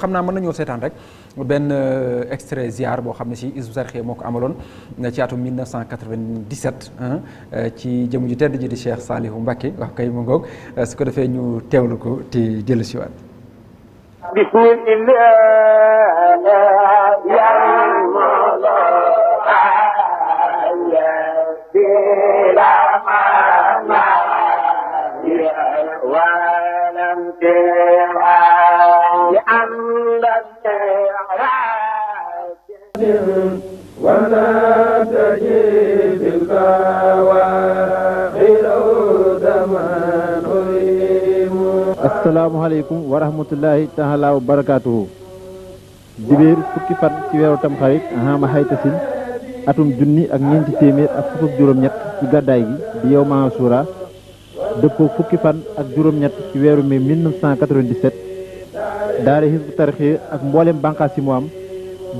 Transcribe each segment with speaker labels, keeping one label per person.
Speaker 1: xam naa mën nañoo seetaan rek benn euh, extrait ziar boo xam ne si ci atum euh, ci jëm ju tedd ji di Cheikh Salihu Mbacké wax kay mu ngoog euh, ko defee ñu teewlu te dellu si asalaamualeykum wa rahmatullahi taala wa barakaatuhu fukki fan ci weeru tamxarit ahama xaytasin atum junni ak ñeenti téeméer ak fukk juróom-ñett ci gàddaay gi di yow maa suura dëppoo fukki fan ak juróom-ñett ci weeru mai 1997 daara Hizbut Tarqiyyah ak mboolem bànqaas yi mu am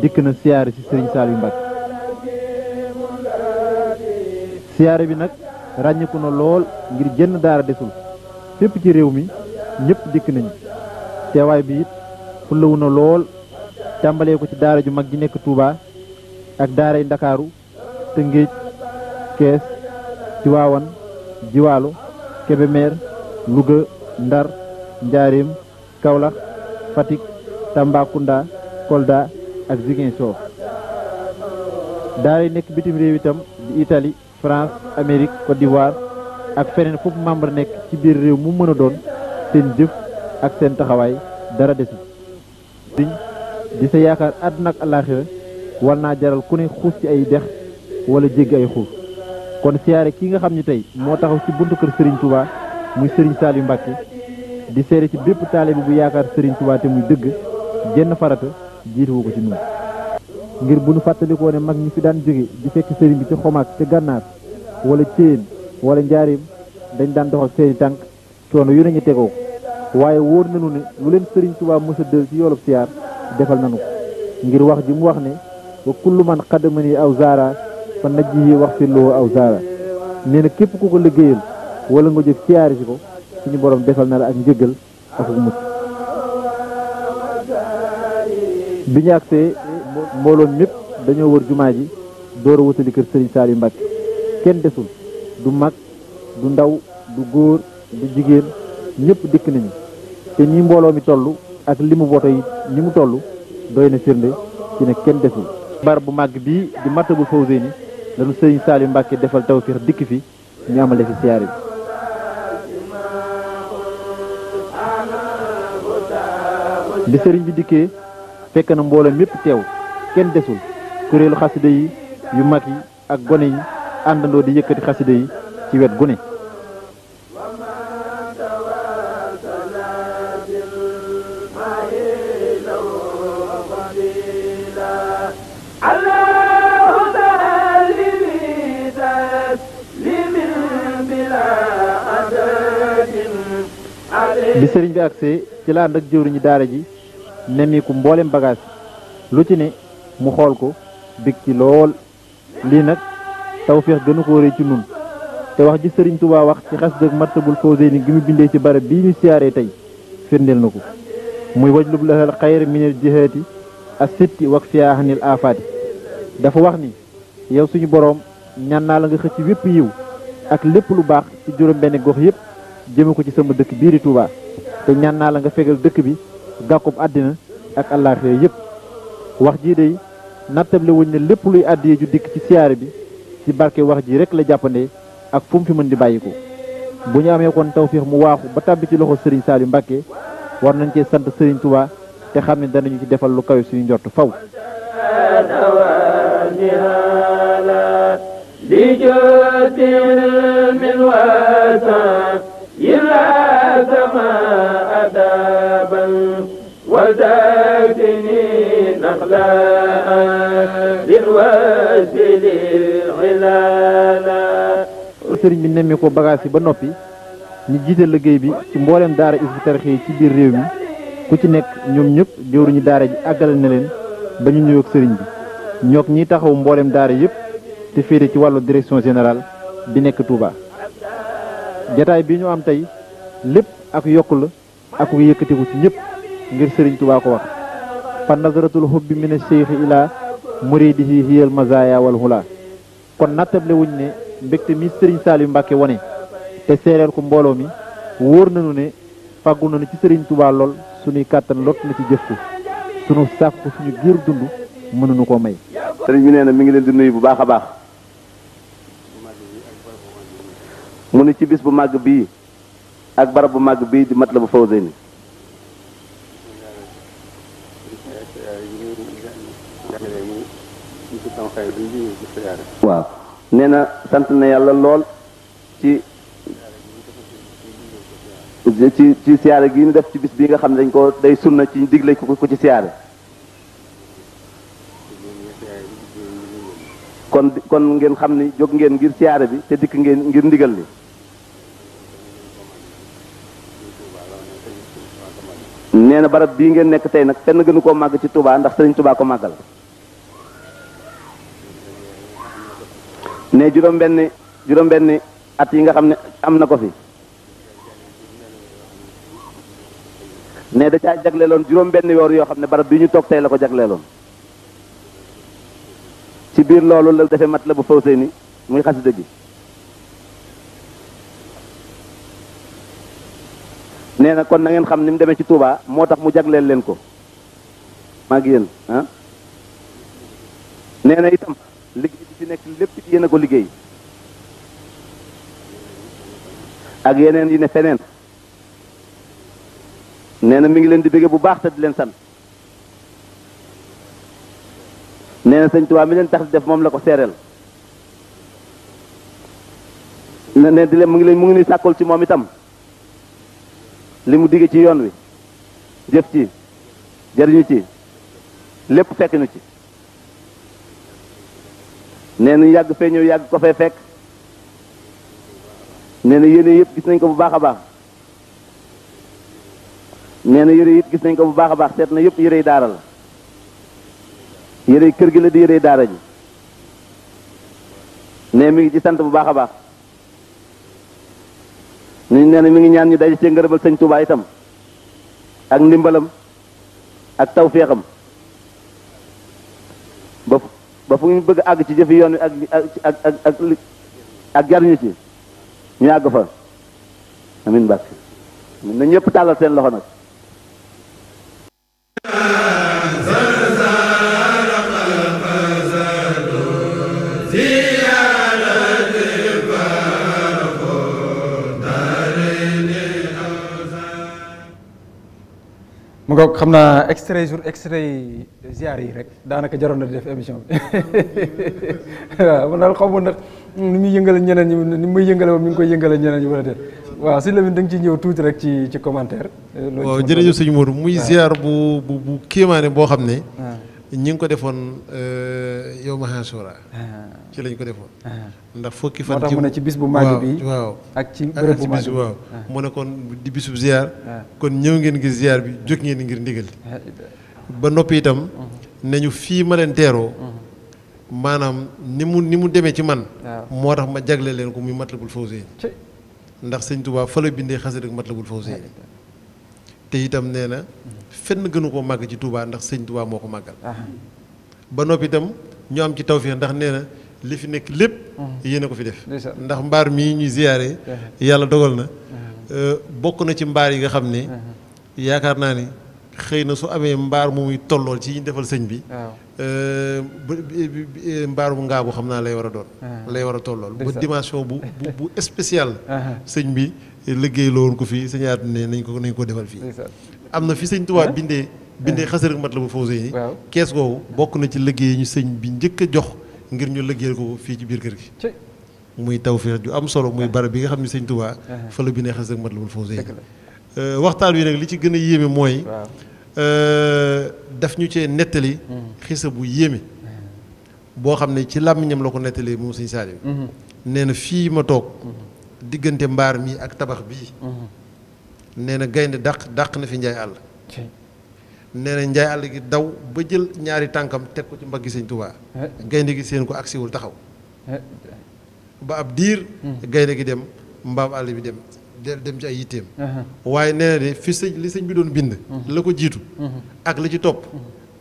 Speaker 1: dikk na siyaare ci Serigne Saliou Mbacké siyaare bi nag ràññeeku na lool ngir jenn daara desul fépp ci réew mi ñëpp dikk nañ teewaay bi it fullawu na lool tàmbalee ko ci daara ju mag ji nekk tuuba ak daara yi Ndakaaru Tëngéej Kees Tiwaawan Jiwaalo Kebemer Louga Ndar Njaareem Kaolack Fatick Tambacounda Kolda ak Ziguinchor daara yi nekk bitim réew itam di Italie France Amérique Côte d'Ivoire ak feneen foofu membre nekk ci biir réew mu mën a doon seen jëf ak seen taxawaay dara desu di sa yaakaar àdduna ak àllaaxira war naa jaral ku ne xuus ci ay dex wala jéggi ay xuus kon siyaare kii nga xam ni tey moo taxaw ci buntu kër Serigne Touba muy Serigne Saliou Mbacké di seere ci bépp taalibe bu yaakaar sëriñ Touba te muy dëgg jenn farata jiituwu ko ci nun ngir bu nu fàttalikoo ne mag ñi fi daan jóge di fekk sëriñ bi ci xomaak ci gànnaar walla céyeen walla njaarim dañ daan dox ak seeni tànk coono yu nañu waaye wóor nañu ne lu leen sëriñ Tuubaa mos a dël ci yoolub siyaar defal nañu ko ngir wax ji mu wax ne wa kullu man xadamani aw zaara fa najji yi wax fi loo aw zaara nee na képp ku ko liggéeyal wala nga jóg siyaari si ko suñu boroom defal na la ak njëgal ak mucc bi ñu agsee mbooloon mépp dañoo wër jumaa ji door a wutali kër sëriñ Saliou Mbacke kenn desul du mag du ndaw du góor du jigéen ñëpp dikk nañu te nii mbooloo mi toll ak limu woto yi ni mu toll doy na firnde ci ne kenn desul bar bu màgg bii di Matlabul Fawzeyni lanu sëriñ Saliou Mbacke defal tawféex dikk fi ñu amale fi siyaare bi bi sëriñ bi dikkee fekk na mbooloo mépp teew kenn desul kuréelu xasida yi yu mag yi ak gone yi àndandoo di yëkkati xasida yi ci wet gune bi sëriñ bi agsee ci la ànd ak jëwriñu daara ji nemmiku mboolem bagage lu ci ne mu xool ko big ci lool lii nag tawféex gënu ko wëree ci nun te wax ji sëriñ Tuubaa wax ci xas dëgg Matlabul Fawzayni gi mu bindee ci barab bii ñu siyaaree tey firndeel na ko muy wajlub lahal xayr minal jihaati as sitti wak fiyaahanil aafaati dafa wax ni yow suñu boroom ñaan naa la nga xëcc wépp yiw ak lépp lu baax ci juróom benn gox yépp jëme ko ci sama dëkk bii di Touba te ñaan naa la nga fegal dëkk bi gàkkub àddina ak àllaaxira yëpp wax jii day nattable wuñ ne lépp luy àddiyee ju dikk ci siyaare bi ci barke wax jii rek la jàppandee ak fu mu fi mën di bàyyi ko bu ñu amee kon tawfiix mu waaxu ba tàbbi ci loxo Serigne Saliou Mbacke war nañ cee sant sëriñ Touba te xam ne danañu ci defal lu kawe suñu njort faw
Speaker 2: li jotil min wasa السماء
Speaker 1: sëriñ bi nemmee ko bagage yi ba noppi ñu jiite liggéey bi ci mbooleem daara Hizbut yi ci biir réew mi ku ci nekk ñoom ñëpp jëwruñu daara ji àggale na leen ba ñu sëriñ bi ñoog ñiy taxaw mbooleem daara yëpp te féete ci wàllu direction générale bi nekk Touba jataay bi ñu am tey lépp ak yokk la ak wu yëkkatiku ci ñëpp ngir sëriñ tubaa ko wax fa nazaratul hubbi min ash-shaykh ila muridihi hiya al mazaya wal hula kon nattable wuñ ne mbégte mi sëriñ saal yu Mbacke wone te seereel ko mbooloo mi wóor nañu ne fàggu nañu ci sëriñ tubaa lool suñuy kàttan lot na ci jëf ko sunu sàkk ko suñu giir dund mënuñu koo may
Speaker 2: sëriñ bi nee na mi ngi leen di nuyu bu baax a baax mu ni ci bis bu màgg bii ak barab bu màgg bii di Matlaboul Fawzayni waaw nee na sant na yàlla lool ci ci ci siyaare gi ñu def ci bis bi nga xam ne dañ ko day sunna ci digle ko ci siyaare kon kon ngeen xam ni jóg ngeen ngir siyaare bi te dikk ngeen ngir ndigal li nee barab bii ngeen nekk tey nag fenn gënu koo màgg ci Touba ndax Serigne Touba ko màggal ne juróom-benni juróom-benni at yi nga xam ne am na ko fi ne da caa jagleeloon juróom-benni weer yoo xam ne barab bi ñu toog tey la ko jagleeloon ci biir loolu la defee mat la bu faw see ni muy xasida gi nee na kon nangeen xam ni mu demee ci Touba moo tax mu jagleen leen ko maa ngi yéen ah. nee na itam liggéey bi nekk lépp ci yéen a ko liggéey ak yeneen yi ne feneen nee na mi ngi leen di bëgge bu baax te di leen san nee na sëñ Touba mi leen tax di def moom la ko seereel ne ne di leen mu ngi leen mu ngi ni sàkkul ci moom itam li mu digge ci yoon wi jëf ci jariñu ci lépp fekk nu ci nee na yàgg fee ñëw yàgg ko fee fekk nee na yére yëpp gis nañ ko bu baax a baax nee na yére yëpp gis nañ ko bu baax a baax seet na yëpp yére yi daara la yére yi kër gi la di yére yi daara ji nee mu ngi ci sant bu baax a baax ñu nee na mi ngi ñaan ñu daje cee ngërëmal sëñ Touba itam ak ndimbalam ak tawféexam ba ba fu ñu bëgg àgg ci jëfi yoon wi ak ak ak ak jariñu ci ñu àgg fa amin mbàkk na ñëpp tàllal seen loxo nag
Speaker 1: ngoog xam naa extrait jour extrait ziar yi rek daanaka jaroon na di def émission bi waaw man daal xamul nag ni muy yëngale ñeneen ñi ni muy yëngale moom mi ngi koy yëngale ñeneen ñi wala déet waaw sëñ Lamine da nga ciy ñëw tuuti rek ci ci commentaire.
Speaker 3: loolu waaw jërëjëf sëñ Modou muy ziar bu bu bu kéemaane boo xam ne. ñi ngi ko defoon euh, yow ma Ashura ah. ci lañ ko defoon. Ah. ndax fukki fan. moo tax mu ne ci bis bu màgg bi waaw ak ci bërëb bu màgg bi waaw. Ah. mu ne kon di bisub ziar. kon ñëw ngeen ngir ziar bi jóg ngeen ngir ndigal. ba noppi itam. Uh-huh. ne ñu fii ma leen teeroo. Uh-huh. maanaam ni mu ni mu demee ci man. moo tax ma jagle leen ko muy Matlabul Fawzayni. ndax sëñ Tuubaa fa la bindee xasida ak Matlabul Fawzayni te itam nee na fenn gënu ko màgg ci Touba ndax sëñ Touba moo ko màggal. Ah. ba noppi itam ñu am ci tawféex ndax nee na li fi nekk lépp. Mm. yéen ko fi def. ndax mbaar mi ñuy ziyaare. yàlla dogal na. Mm. Euh, bokk na ci mbaar yi nga xam ne. Mm-hmm. yaakaar naa ni. xëy na su amee mbaar mu muy tollool ci ñu defal sëñ bi. Euh, mbaaru ngaa bu xam naa lay war a doon. Ah. lay war a tollool ba dimension bu bu bu spécial. Ah. sëñ bi liggéey la woon ko fii sëñ Atou ne nañ ko nañ ko defal fii. am na fi sëñ Tuubaa ah. bindee. bindee xasar mat la bu fawse yi. kees googu bokk na ci liggéey ñu sëñ bi njëkk a jox ngir ñu liggéeyal ko fii ci biir kër gi. muy taw tawfeex ju am solo muy barab bi nga xam ne sëñ Tuubaa. fa la bindee xasar mat la bu fawse euh, waxtaan wi nag li ci gën a yéeme mooy. Euh, daf ñu cee nettali. Mm-hmm. xisa bu yéeme. boo xam ne ci làmmiñam la ko nettali moom sëñ Saaliw. Mm-hmm. nee na fii ma toog. Mm-hmm. diggante mbaar mi ak tabax bii. nee na gaynde dàq dàq na fi njaay àll. nee njaay àll gi daw ba jël ñaari tànkam teg ko ci mbaggi sëñ Tuubaa. Eh. gaynde gi seen ko agsiwul taxaw. Eh. ba ab diir. gaynde gi dem mbaam àll bi dem dem ci ay yitteem. Uh-huh. waaye nee na de fi sëñ li sëñ bi doon bind. Uh-huh. la ko jiitu. Uh-huh. ak li ci topp.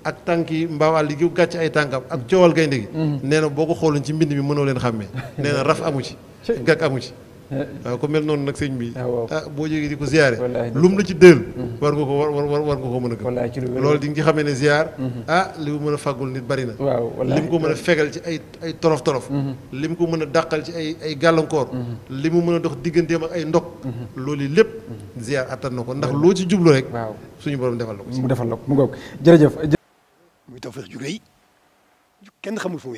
Speaker 3: ak tànki yi mbaawaal li gi gàcc ay tànkam ak coowal gaynde gi. nee na boo ko xooloon ci mbind mi mënoo leen xàmmee. nee na raf amu ci. gàkk amu ci. waaw ko mel noonu nag sëñ bi ah, ah boo jógee di ko ziyaare lum la ci dël war nga ko war war war nga ko mën a gëm loolu di nga ci xamee ne ziyaar mhm. ah li mu mën a faggul nit bari na li mu ko mën a fegal ci ay ay tolof tolof li mu ko mën a dàqal ci ay ay gàllankoor mhm. li mu mën a dox digganteem ak ay ndog mhm. loolu lépp ziyaar attan na ko ndax loo ci jublu rek suñu borom defal la ko mu defal la ko mu ngoog jërëjëf muy tawfeex ju
Speaker 1: rëy kenn xamul fu mu